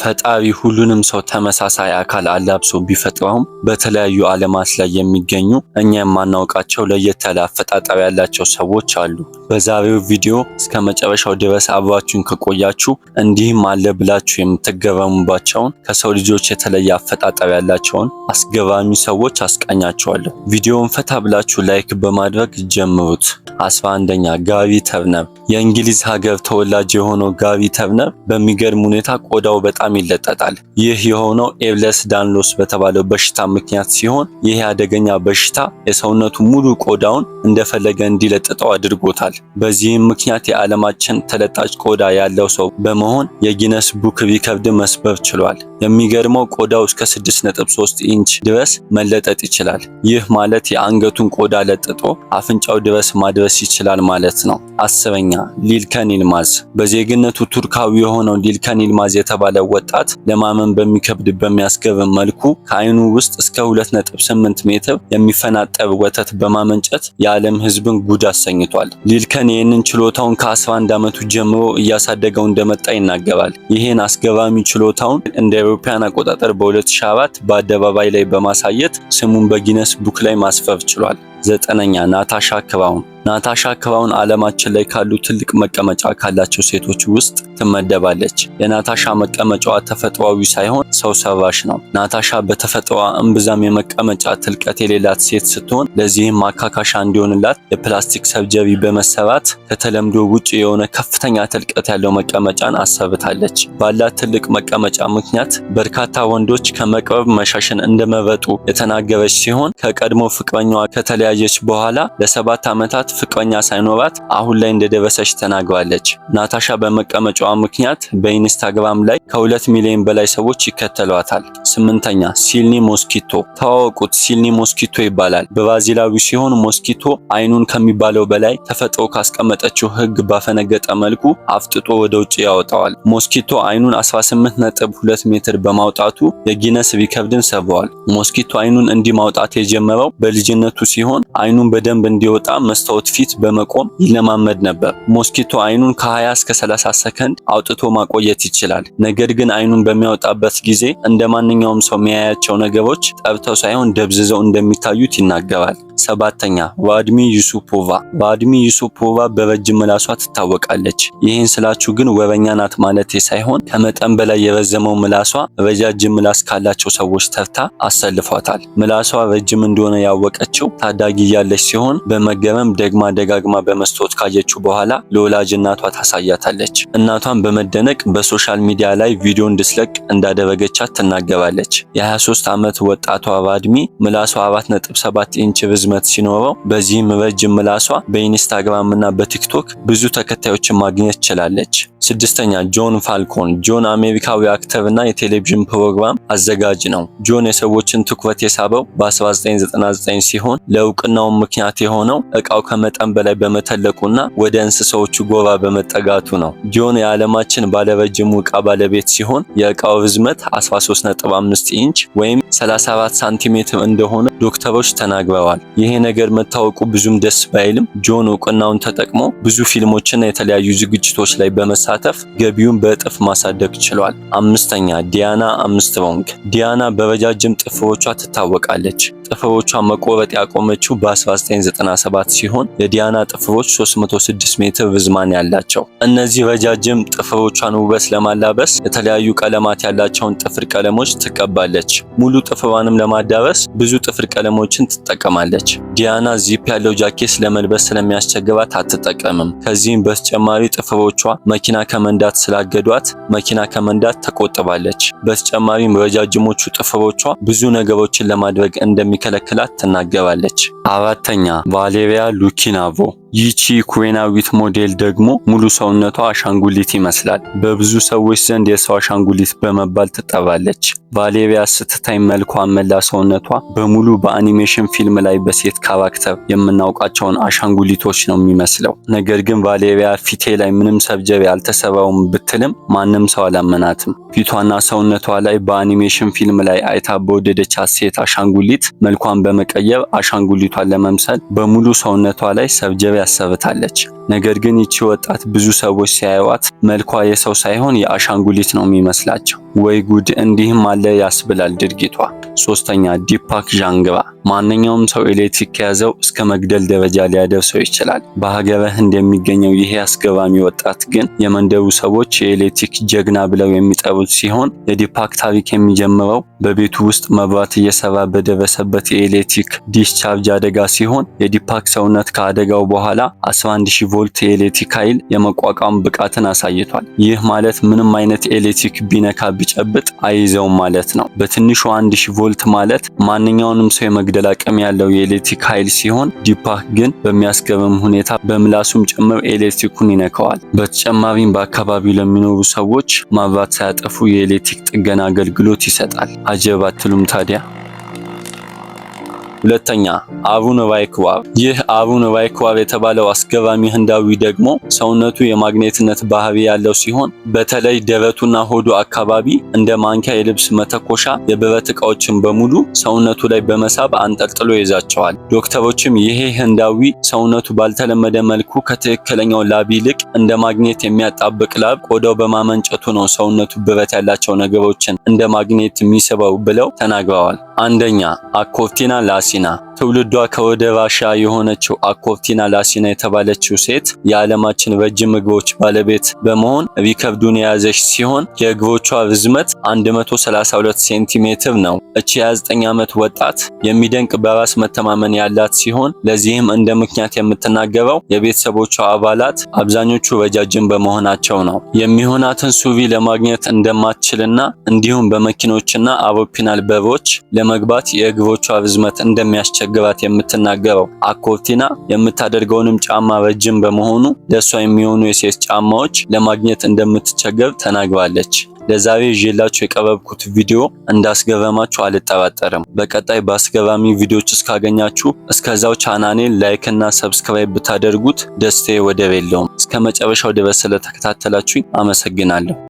ፈጣሪ ሁሉንም ሰው ተመሳሳይ አካል አላብሶ ቢፈጥረውም በተለያዩ ዓለማት ላይ የሚገኙ እኛ የማናውቃቸው ለየት ያለ አፈጣጠር ያላቸው ሰዎች አሉ። በዛሬው ቪዲዮ እስከ መጨረሻው ድረስ አብራችሁን ከቆያችሁ እንዲህም አለ ብላችሁ የምትገረሙባቸውን ከሰው ልጆች የተለየ አፈጣጠር ያላቸውን አስገራሚ ሰዎች አስቃኛቸዋለሁ። ቪዲዮውን ፈታ ብላችሁ ላይክ በማድረግ ጀምሩት አስራ አንደኛ ጋሪ ተብነብ የእንግሊዝ ሀገር ተወላጅ የሆነው ጋሪ ተብነብ በሚገርም ሁኔታ ቆዳው በጣም በጣም ይለጠጣል። ይህ የሆነው ኤብለስ ዳንሎስ በተባለው በሽታ ምክንያት ሲሆን ይህ አደገኛ በሽታ የሰውነቱ ሙሉ ቆዳውን እንደፈለገ እንዲለጥጠው አድርጎታል። በዚህም ምክንያት የዓለማችን ተለጣጭ ቆዳ ያለው ሰው በመሆን የጊነስ ቡክ ቢከብድ መስበብ ችሏል። የሚገርመው ቆዳው እስከ 6.3 ኢንች ድረስ መለጠጥ ይችላል። ይህ ማለት የአንገቱን ቆዳ ለጥጦ አፍንጫው ድረስ ማድረስ ይችላል ማለት ነው። አስረኛ ሊልከን ይልማዝ በዜግነቱ ቱርካዊ የሆነው ሊልከን ይልማዝ የተባለ ወጣት ለማመን በሚከብድ በሚያስገብ መልኩ ከአይኑ ውስጥ እስከ 2.8 ሜትር የሚፈናጠብ ወተት በማመንጨት የዓለም ህዝብን ጉድ አሰኝቷል። ሊልከን ይህንን ችሎታውን ከ11 ዓመቱ ጀምሮ እያሳደገው እንደመጣ ይናገራል። ይህን አስገራሚ ችሎታውን እንደ አውሮፓውያን አቆጣጠር በ2004 በአደባባይ ላይ በማሳየት ስሙን በጊነስ ቡክ ላይ ማስፈር ችሏል። ዘጠነኛ ናታሻ ክራውን ናታሻ ክባውን ዓለማችን ላይ ካሉ ትልቅ መቀመጫ ካላቸው ሴቶች ውስጥ ትመደባለች። የናታሻ መቀመጫዋ ተፈጥሯዊ ሳይሆን ሰው ሰራሽ ነው። ናታሻ በተፈጥሯ እምብዛም የመቀመጫ ትልቀት የሌላት ሴት ስትሆን ለዚህም ማካካሻ እንዲሆንላት የፕላስቲክ ሰርጀሪ በመሰራት ከተለምዶ ውጭ የሆነ ከፍተኛ ትልቀት ያለው መቀመጫን አሰብታለች። ባላት ትልቅ መቀመጫ ምክንያት በርካታ ወንዶች ከመቅረብ መሻሽን እንደመረጡ የተናገረች ሲሆን ከቀድሞ ፍቅረኛዋ ከተለያየች በኋላ ለሰባት ዓመታት ፍቅረኛ ሳይኖራት አሁን ላይ እንደደረሰች ተናግራለች። ናታሻ በመቀመጫዋ ምክንያት በኢንስታግራም ላይ ከሁለት ሚሊዮን በላይ ሰዎች ይከተሏታል። ስምንተኛ ሲልኒ ሞስኪቶ ተዋወቁት። ሲልኒ ሞስኪቶ ይባላል። ብራዚላዊ ሲሆን ሞስኪቶ አይኑን ከሚባለው በላይ ተፈጥሮ ካስቀመጠችው ህግ ባፈነገጠ መልኩ አፍጥጦ ወደ ውጭ ያወጣዋል። ሞስኪቶ አይኑን 18.2 ሜትር በማውጣቱ የጊነስ ሪከርድን ሰብሯል። ሞስኪቶ አይኑን እንዲህ ማውጣት የጀመረው በልጅነቱ ሲሆን አይኑን በደንብ እንዲወጣ መስታወት ሞት ፊት በመቆም ይለማመድ ነበር። ሞስኪቶ አይኑን ከ20 እስከ 30 ሰከንድ አውጥቶ ማቆየት ይችላል። ነገር ግን አይኑን በሚያወጣበት ጊዜ እንደ ማንኛውም ሰው የሚያያቸው ነገሮች ጠብተው ሳይሆን ደብዝዘው እንደሚታዩት ይናገራል። ሰባተኛ ቫድሚ ዩሱፖቫ። ቫድሚ ዩሱፖቫ በረጅም ምላሷ ትታወቃለች። ይህን ስላችሁ ግን ወረኛ ናት ማለቴ ሳይሆን ከመጠን በላይ የረዘመው ምላሷ ረጃጅም ምላስ ካላቸው ሰዎች ተርታ አሰልፏታል። ምላሷ ረጅም እንደሆነ ያወቀችው ታዳጊ እያለች ሲሆን በመገረም ደግማ ደጋግማ በመስታወት ካየችው በኋላ ለወላጅ እናቷ ታሳያታለች። እናቷን በመደነቅ በሶሻል ሚዲያ ላይ ቪዲዮ እንድስለቅ እንዳደረገቻት ትናገባለች የ የ23 ዓመት ወጣቷ ባድሚ ምላሷ 4.7 ኢንች ርዝመት ሲኖረው በዚህም ረጅም ምላሷ በኢንስታግራም እና በቲክቶክ ብዙ ተከታዮችን ማግኘት ችላለች። ስድስተኛ ጆን ፋልኮን። ጆን አሜሪካዊ አክተር እና የቴሌቪዥን ፕሮግራም አዘጋጅ ነው። ጆን የሰዎችን ትኩረት የሳበው በ1999 ሲሆን ለእውቅናውን ምክንያት የሆነው እቃው ከመጠን በላይ በመተለቁና ወደ እንስሳዎቹ ጎባ በመጠጋቱ ነው። ጆን የዓለማችን ባለረጅሙ ዕቃ ባለቤት ሲሆን የእቃው ርዝመት 13.5 ኢንች ወይም 34 ሳንቲሜትር እንደሆነ ዶክተሮች ተናግረዋል። ይሄ ነገር መታወቁ ብዙም ደስ ባይልም ጆን እውቅናውን ተጠቅሞ ብዙ ፊልሞችና የተለያዩ ዝግጅቶች ላይ በመሳተፍ ገቢውን በእጥፍ ማሳደግ ችሏል። አምስተኛ ዲያና አምስትሮንግ። ዲያና በረጃጅም ጥፍሮቿ ትታወቃለች። ጥፍሮቿ መቆረጥ ያቆመችው በ1997 ሲሆን የዲያና ጥፍሮች 306 ሜትር ርዝማን ያላቸው። እነዚህ ረጃጅም ጥፍሮቿን ውበት ለማላበስ የተለያዩ ቀለማት ያላቸውን ጥፍር ቀለሞች ትቀባለች። ሙሉ ጥፍሯንም ለማዳረስ ብዙ ጥፍር ቀለሞችን ትጠቀማለች። ዲያና ዚፕ ያለው ጃኬት ለመልበስ ስለሚያስቸግራት አትጠቀምም። ከዚህም በተጨማሪ ጥፍሮቿ መኪና ከመንዳት ስላገዷት መኪና ከመንዳት ተቆጥባለች። በተጨማሪም ረጃጅሞቹ ጥፍሮቿ ብዙ ነገሮችን ለማድረግ እንደሚ እንደሚከለክላት ትናገባለች አራተኛ ቫሌሪያ ሉኪናቮ ይቺ ኩዌናዊት ሞዴል ደግሞ ሙሉ ሰውነቷ አሻንጉሊት ይመስላል። በብዙ ሰዎች ዘንድ የሰው አሻንጉሊት በመባል ትጠራለች። ቫሌሪያ ስትታይ መልኳ መላ ሰውነቷ በሙሉ በአኒሜሽን ፊልም ላይ በሴት ካራክተር የምናውቃቸውን አሻንጉሊቶች ነው የሚመስለው። ነገር ግን ቫሌሪያ ፊቴ ላይ ምንም ሰብጀብ አልተሰራውም ብትልም ማንም ሰው አላመናትም። ፊቷና ሰውነቷ ላይ በአኒሜሽን ፊልም ላይ አይታ በወደደቻት ሴት አሻንጉሊት መልኳን በመቀየር አሻንጉሊቷን ለመምሰል በሙሉ ሰውነቷ ላይ ሰብጀብ ታሰብታለች። ነገር ግን ይቺ ወጣት ብዙ ሰዎች ሲያዩዋት መልኳ የሰው ሳይሆን የአሻንጉሊት ነው የሚመስላቸው። ወይ ጉድ! እንዲህም አለ ያስብላል ድርጊቷ። ሶስተኛ ዲፓክ ዣንግባ። ማንኛውም ሰው ኤሌክትሪክ ከያዘው እስከ መግደል ደረጃ ሊያደርሰው ይችላል። በሀገረ ህንድ የሚገኘው ይሄ አስገራሚ ወጣት ግን የመንደሩ ሰዎች የኤሌክትሪክ ጀግና ብለው የሚጠሩት ሲሆን የዲፓክ ታሪክ የሚጀምረው በቤቱ ውስጥ መብራት እየሰራ በደረሰበት የኤሌክትሪክ ዲስቻርጅ አደጋ ሲሆን የዲፓክ ሰውነት ከአደጋው በኋላ 11000 ቮልት የኤሌክትሪክ ኃይል የመቋቋም ብቃትን አሳይቷል። ይህ ማለት ምንም አይነት ኤሌክትሪክ ቢነካ ቢጨብጥ አይይዘውም ማለት ነው። በትንሹ 1000 ቮልት ማለት ማንኛውንም ሰው የመግደል አቅም ያለው የኤሌክትሪክ ኃይል ሲሆን ዲፓክ ግን በሚያስገርም ሁኔታ በምላሱም ጭምር ኤሌክትሪኩን ይነካዋል። በተጨማሪም በአካባቢው ለሚኖሩ ሰዎች መብራት ሳያጠፉ የኤሌክትሪክ ጥገና አገልግሎት ይሰጣል። አጀብ አትሉም ታዲያ? ሁለተኛ አቡነ ቫይክዋብ። ይህ አቡነ ቫይክዋብ የተባለው አስገባሚ ህንዳዊ ደግሞ ሰውነቱ የማግኔትነት ባህሪ ያለው ሲሆን በተለይ ደረቱና ሆዱ አካባቢ እንደ ማንኪያ፣ የልብስ መተኮሻ፣ የብረት እቃዎችን በሙሉ ሰውነቱ ላይ በመሳብ አንጠልጥሎ ይዛቸዋል። ዶክተሮችም ይሄ ህንዳዊ ሰውነቱ ባልተለመደ መልኩ ከትክክለኛው ላብ ይልቅ እንደ ማግኔት የሚያጣብቅ ላብ ቆዳው በማመንጨቱ ነው ሰውነቱ ብረት ያላቸው ነገሮችን እንደ ማግኔት የሚስበው ብለው ተናግረዋል። አንደኛ አኮርቲና ላሲ نہ ትውልዷ ከወደ ራሻ የሆነችው አኮፍቲና ላሲና የተባለችው ሴት የዓለማችን ረጅም እግሮች ባለቤት በመሆን ሪከርዱን የያዘች ሲሆን የእግሮቿ ርዝመት 132 ሴንቲሜትር ነው። እቺ 29 ዓመት ወጣት የሚደንቅ በራስ መተማመን ያላት ሲሆን ለዚህም እንደ ምክንያት የምትናገረው የቤተሰቦቿ አባላት አብዛኞቹ ረጃጅም በመሆናቸው ነው። የሚሆናትን ሱቪ ለማግኘት እንደማትችልና እንዲሁም በመኪኖችና አውሮፕላን በሮች ለመግባት የእግሮቿ ርዝመት እንደሚያስቸግር አጠገባት የምትናገረው አኮርቲና የምታደርገውንም ጫማ ረጅም በመሆኑ ለእሷ የሚሆኑ የሴት ጫማዎች ለማግኘት እንደምትቸገር ተናግራለች። ለዛሬ ይዤላችሁ የቀረብኩት ቪዲዮ እንዳስገረማችሁ አልጠራጠርም። በቀጣይ በአስገራሚ ቪዲዮዎች እስካገኛችሁ እስከዛው ላይክ ላይክና ሰብስክራይብ ብታደርጉት ደስቴ ወደር የለውም። እስከ መጨረሻው ድረስ ስለተከታተላችሁኝ አመሰግናለሁ።